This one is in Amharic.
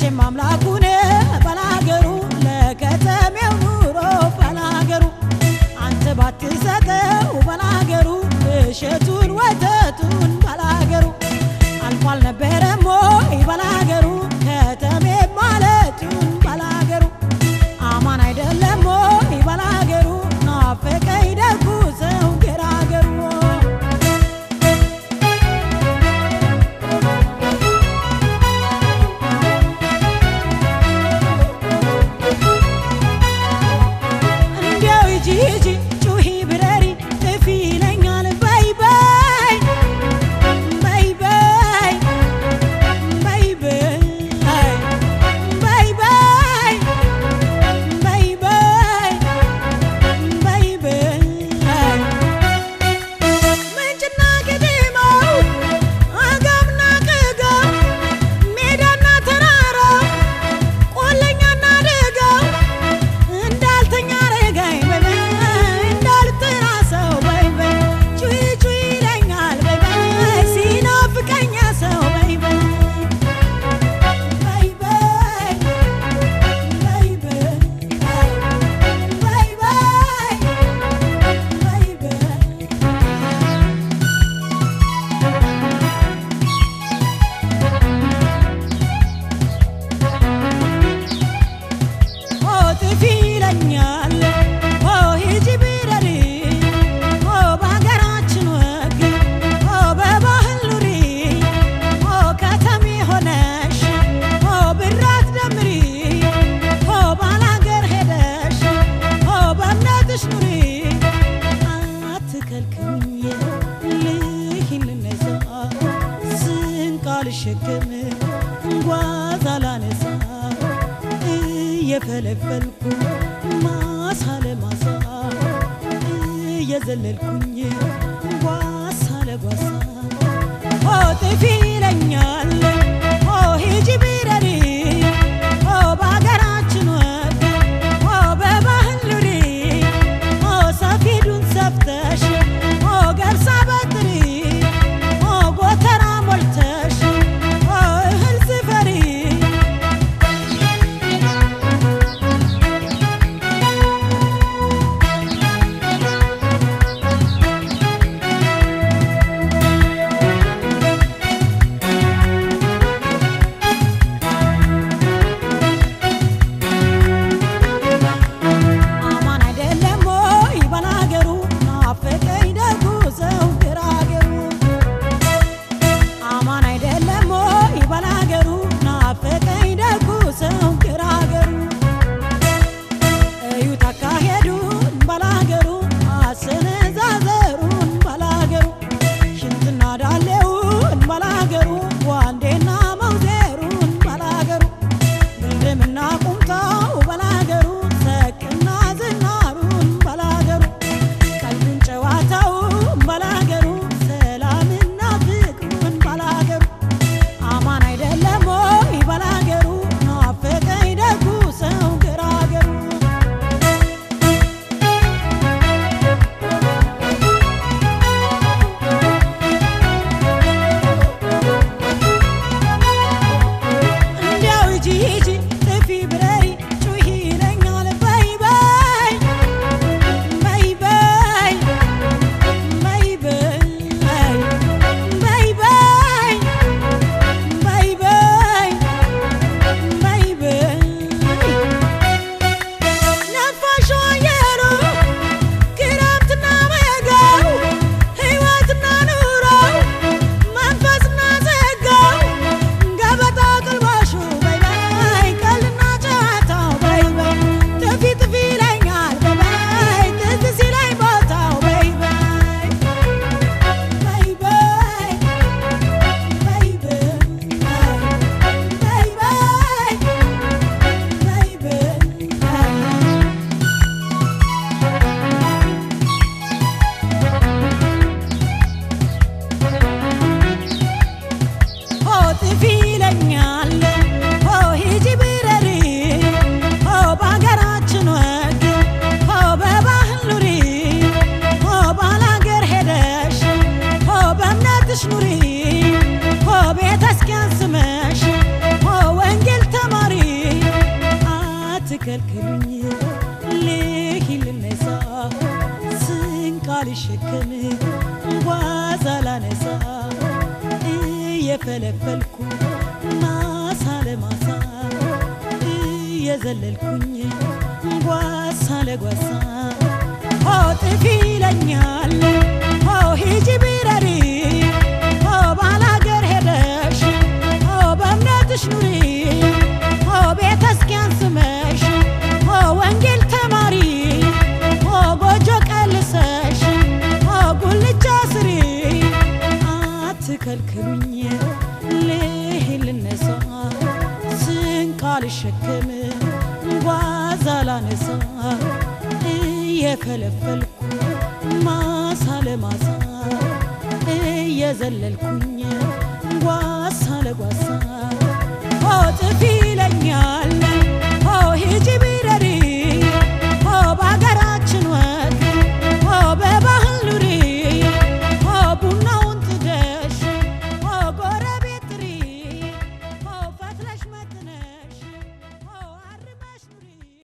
መቼም አምላኩን ባላገሩ ለከተሜው ኑሮ ባላገሩ አንተ ባትሰጠው ባላገሩ እሸቱን ወተቱን ባላገሩ አልፏል ነበረም ሳልሸከም እንጓዝ አላነሳ እየፈለፈልኩ ማሳ ለማሳ እየዘለልኩኝ ጓሳ ለጓሳ ልሸከም ጓዝ አላነሳ እየፈለፈልኩ ማሳ ለማሳ እየዘለልኩኝ ጓሳ ለጓሳ ኦ ጥፊ ይለኛል ኦ ሂጂ ቢረሪ ከከልክሉኝ ልሂድ ልነሳ ስንቅ አልሸከም ላነሳ ማሳ ለማሳ እየዘለልኩኝ